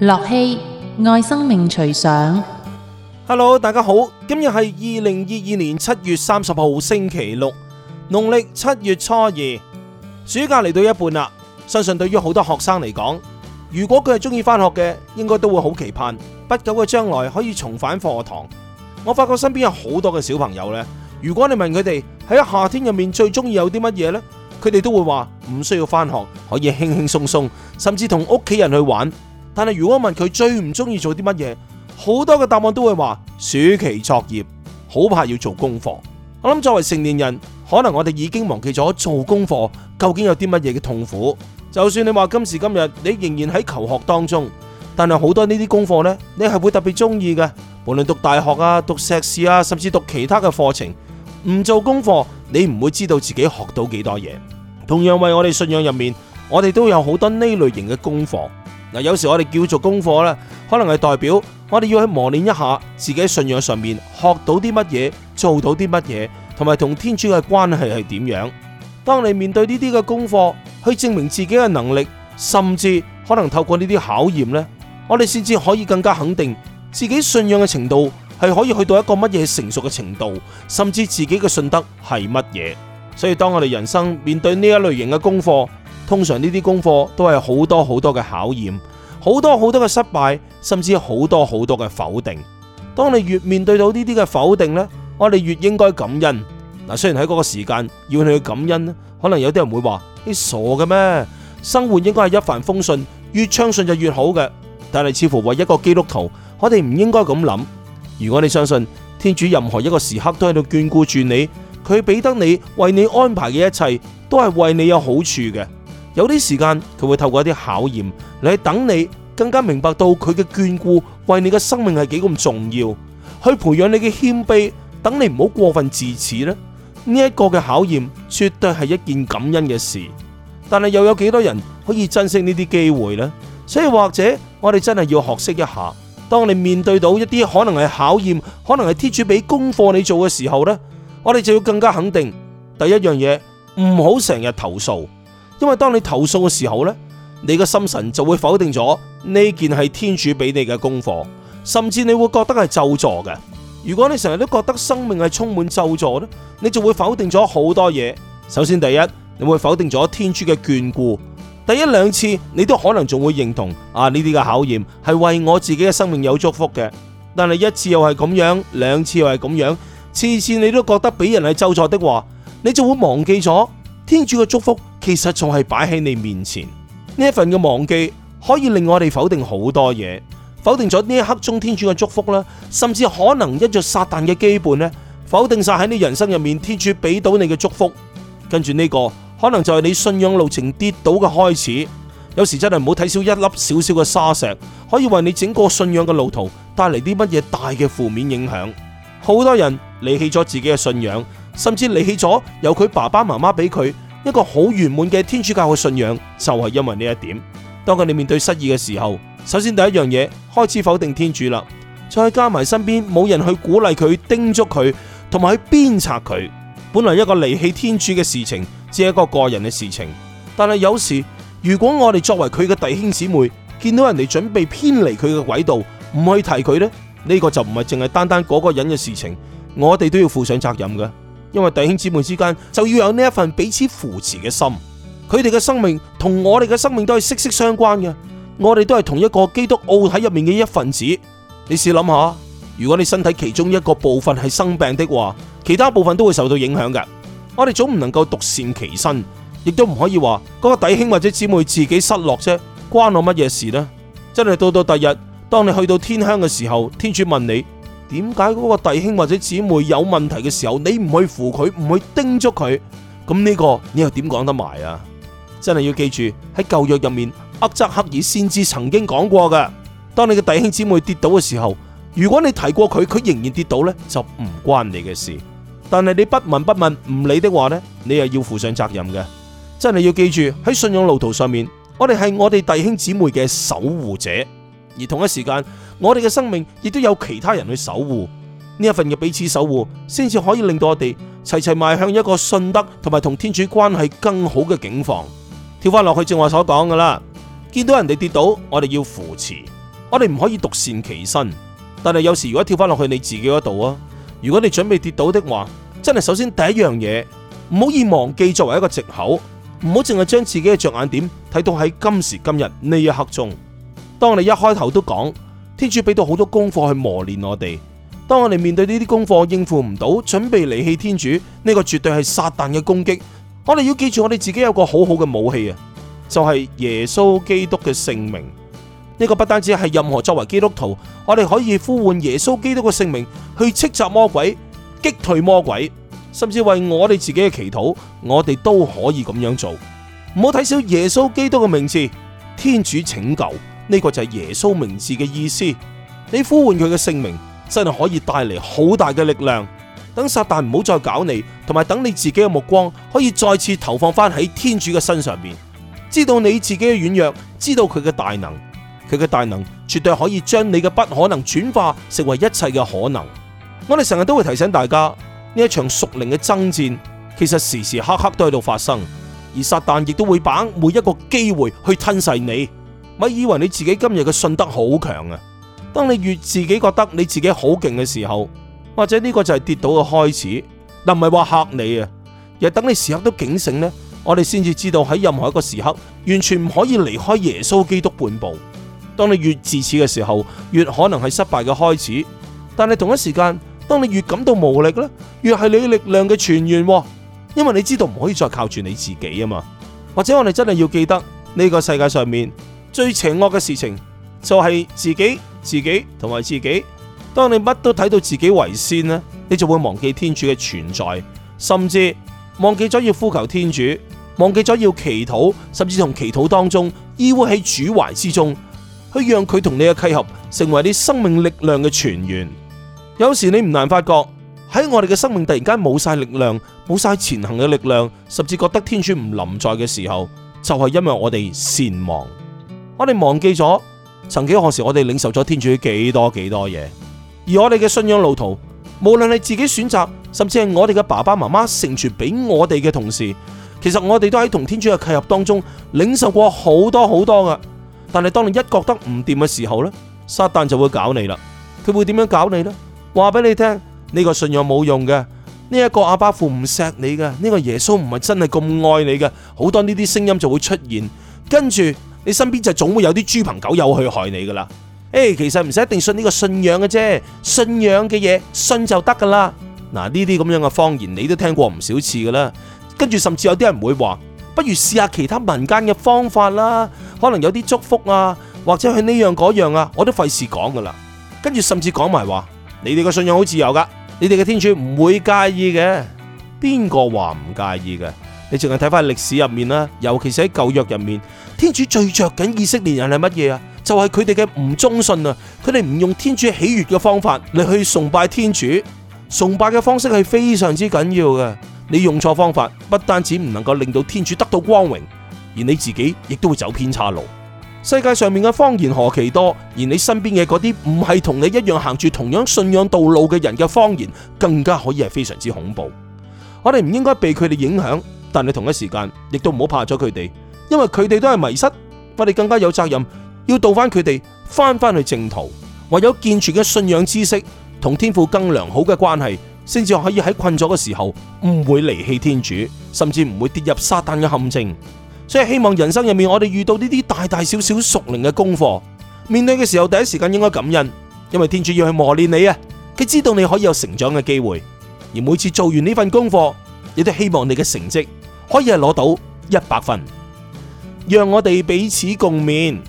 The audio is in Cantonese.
樂器愛生命隨想，Hello，大家好，今日係二零二二年七月三十號星期六，農曆七月初二，暑假嚟到一半啦。相信對於好多學生嚟講，如果佢係中意翻學嘅，應該都會好期盼，不久嘅將來可以重返課堂。我發覺身邊有好多嘅小朋友呢，如果你問佢哋喺夏天入面最中意有啲乜嘢呢，佢哋都會話唔需要翻學，可以輕輕鬆鬆，甚至同屋企人去玩。但係如果問佢最唔中意做啲乜嘢？好多嘅答案都會話暑期作業，好怕要做功課。我諗作為成年人，可能我哋已經忘記咗做功課究竟有啲乜嘢嘅痛苦。就算你話今時今日你仍然喺求學當中，但係好多呢啲功課呢，你係會特別中意嘅。無論讀大學啊、讀碩士啊，甚至讀其他嘅課程，唔做功課你唔會知道自己學到幾多嘢。同樣為我哋信仰入面，我哋都有好多呢類型嘅功課。嗱，有時我哋叫做功課咧，可能係代表我哋要去磨練一下自己喺信仰上面學到啲乜嘢，做到啲乜嘢，同埋同天主嘅關係係點樣。當你面對呢啲嘅功課，去證明自己嘅能力，甚至可能透過呢啲考驗呢，我哋先至可以更加肯定自己信仰嘅程度係可以去到一個乜嘢成熟嘅程度，甚至自己嘅信德係乜嘢。所以當我哋人生面對呢一類型嘅功課，通常呢啲功課都係好多好多嘅考驗，好多好多嘅失敗，甚至好多好多嘅否定。當你越面對到呢啲嘅否定呢，我哋越應該感恩嗱。雖然喺嗰個時間要你去感恩，可能有啲人會話你傻嘅咩？生活應該係一帆風順，越暢順就越好嘅。但係似乎為一個基督徒，我哋唔應該咁諗。如果你相信天主，任何一個時刻都喺度眷顧住你，佢俾得你，為你安排嘅一切都係為你有好處嘅。有啲時間佢會透過一啲考驗嚟，等你更加明白到佢嘅眷顧，為你嘅生命係幾咁重要，去培養你嘅謙卑，等你唔好過分自恃呢。呢一個嘅考驗絕對係一件感恩嘅事，但係又有幾多人可以珍惜呢啲機會呢？所以或者我哋真係要學識一下，當你面對到一啲可能係考驗，可能係天主俾功課你做嘅時候呢，我哋就要更加肯定第一樣嘢，唔好成日投訴。因為當你投訴嘅時候呢，你嘅心神就會否定咗呢件係天主俾你嘅功課，甚至你會覺得係咒助嘅。如果你成日都覺得生命係充滿咒助呢，你就會否定咗好多嘢。首先，第一你會否定咗天主嘅眷顧。第一兩次你都可能仲會認同啊，呢啲嘅考驗係為我自己嘅生命有祝福嘅，但係一次又係咁樣，兩次又係咁樣，次次你都覺得俾人係咒助的話，你就會忘記咗天主嘅祝福。其實仲係擺喺你面前，呢一份嘅忘記，可以令我哋否定好多嘢，否定咗呢一刻中天主嘅祝福啦，甚至可能一着撒旦嘅基本呢，否定晒喺你人生入面天主俾到你嘅祝福。跟住呢個可能就係你信仰路程跌倒嘅開始。有時真係唔好睇少一粒少少嘅沙石，可以為你整個信仰嘅路途帶嚟啲乜嘢大嘅負面影響。好多人離棄咗自己嘅信仰，甚至離棄咗由佢爸爸媽媽俾佢。一個好圓滿嘅天主教嘅信仰就係因為呢一點。當佢哋面對失意嘅時候，首先第一樣嘢，開始否定天主啦，再加埋身邊冇人去鼓勵佢、叮囑佢，同埋去鞭策佢。本來一個離棄天主嘅事情，只係一個個人嘅事情。但係有時，如果我哋作為佢嘅弟兄姊妹，見到人哋準備偏離佢嘅軌道，唔去提佢呢，呢個就唔係淨係單單嗰個人嘅事情，我哋都要負上責任嘅。因為弟兄姊妹之間就要有呢一份彼此扶持嘅心，佢哋嘅生命同我哋嘅生命都係息息相關嘅，我哋都係同一個基督奧體入面嘅一份子。你試諗下，如果你身體其中一個部分係生病的話，其他部分都會受到影響嘅。我哋總唔能夠獨善其身，亦都唔可以話嗰個弟兄或者姊妹自己失落啫，關我乜嘢事呢？真係到到第日，當你去到天鄉嘅時候，天主問你。點解嗰個弟兄或者姊妹有問題嘅時候，你唔去扶佢，唔去叮囑佢？咁呢個你又點講得埋啊？真係要記住喺舊約入面，厄則克爾先知曾經講過㗎：當你嘅弟兄姊妹跌倒嘅時候，如果你提過佢，佢仍然跌倒呢，就唔關你嘅事；但係你不聞不問、唔理的話呢，你又要負上責任嘅。真係要記住喺信仰路途上面，我哋係我哋弟兄姊妹嘅守護者。而同一時間，我哋嘅生命亦都有其他人去守護，呢一份嘅彼此守護，先至可以令到我哋齊齊邁向一個信德同埋同天主關係更好嘅境況。跳翻落去，正話所講噶啦，見到人哋跌倒，我哋要扶持，我哋唔可以獨善其身。但係有時如果跳翻落去你自己嗰度啊，如果你準備跌倒的話，真係首先第一樣嘢唔好以忘記作為一個借口，唔好淨係將自己嘅着眼點睇到喺今時今日呢一刻中。當我哋一開頭都講，天主俾到好多功課去磨練我哋。當我哋面對呢啲功課應付唔到，準備離棄天主呢個，絕對係撒旦嘅攻擊。我哋要記住，我哋自己有個好好嘅武器啊，就係耶穌基督嘅姓名。呢個不單止係任何作為基督徒，我哋可以呼喚耶穌基督嘅姓名去斥責魔鬼、擊退魔鬼，甚至為我哋自己嘅祈禱，我哋都可以咁樣做。唔好睇少耶穌基督嘅名字，天主拯救。呢個就係耶穌名字嘅意思，你呼喚佢嘅姓名真係可以帶嚟好大嘅力量。等撒旦唔好再搞你，同埋等你自己嘅目光可以再次投放翻喺天主嘅身上邊，知道你自己嘅軟弱，知道佢嘅大能，佢嘅大能絕對可以將你嘅不可能轉化成為一切嘅可能。我哋成日都會提醒大家，呢一場屬靈嘅爭戰其實時時刻刻都喺度發生，而撒旦亦都會把握每一個機會去吞噬你。咪以為你自己今日嘅信德好強啊？當你越自己覺得你自己好勁嘅時候，或者呢個就係跌倒嘅開始，但唔係話吓你啊，而係等你時刻都警醒呢，我哋先至知道喺任何一個時刻完全唔可以離開耶穌基督半步。當你越自恃嘅時候，越可能係失敗嘅開始。但係同一時間，當你越感到無力咧，越係你嘅力量嘅泉源，因為你知道唔可以再靠住你自己啊嘛。或者我哋真係要記得呢個世界上面。最邪惡嘅事情就係自己、自己同埋自己。當你乜都睇到自己為先啦，你就會忘記天主嘅存在，甚至忘記咗要呼求天主，忘記咗要祈禱，甚至同祈禱當中依偎喺主懷之中，去讓佢同你嘅契合成為你生命力量嘅泉源。有時你唔難發覺喺我哋嘅生命突然間冇晒力量，冇晒前行嘅力量，甚至覺得天主唔臨在嘅時候，就係因為我哋善忘。我哋忘記咗曾幾何時我哋領受咗天主幾多幾多嘢，而我哋嘅信仰路途，無論你自己選擇，甚至係我哋嘅爸爸媽媽成全俾我哋嘅同時，其實我哋都喺同天主嘅契合當中領受過好多好多嘅。但係當你一覺得唔掂嘅時候咧，撒旦就會搞你啦。佢會點樣搞你呢？話俾你聽，呢個信仰冇用嘅，呢一個阿爸父唔錫你嘅，呢個耶穌唔係真係咁愛你嘅，好多呢啲聲音就會出現，跟住你身邊就總會有啲豬朋狗友去害你噶啦，誒，其實唔使一定信呢個信仰嘅啫，信仰嘅嘢信就得噶啦。嗱，呢啲咁樣嘅方言你都聽過唔少次噶啦，跟住甚至有啲人會話，不如試下其他民間嘅方法啦，可能有啲祝福啊，或者去呢樣嗰樣啊，我都費事講噶啦。跟住甚至講埋話，你哋嘅信仰好自由噶，你哋嘅天主唔會介意嘅，邊個話唔介意嘅？你淨係睇翻歷史入面啦，尤其是喺舊約入面，天主最着緊以色列人係乜嘢啊？就係佢哋嘅唔忠信啊！佢哋唔用天主喜悅嘅方法嚟去崇拜天主，崇拜嘅方式係非常之緊要嘅。你用錯方法，不單止唔能夠令到天主得到光榮，而你自己亦都會走偏差路。世界上面嘅謊言何其多，而你身邊嘅嗰啲唔係同你一樣行住同樣信仰道路嘅人嘅謊言，更加可以係非常之恐怖。我哋唔應該被佢哋影響。但係同一時間，亦都唔好怕咗佢哋，因為佢哋都係迷失，我哋更加有責任要導返佢哋返返去正途，唯有健全嘅信仰知識同天父更良好嘅關係，先至可以喺困咗嘅時候唔會離棄天主，甚至唔會跌入撒旦嘅陷阱。所以希望人生入面，我哋遇到呢啲大大小小屬靈嘅功課，面對嘅時候，第一時間應該感恩，因為天主要去磨練你啊，佢知道你可以有成長嘅機會，而每次做完呢份功課，亦都希望你嘅成績。可以係攞到一百分，讓我哋彼此共勉。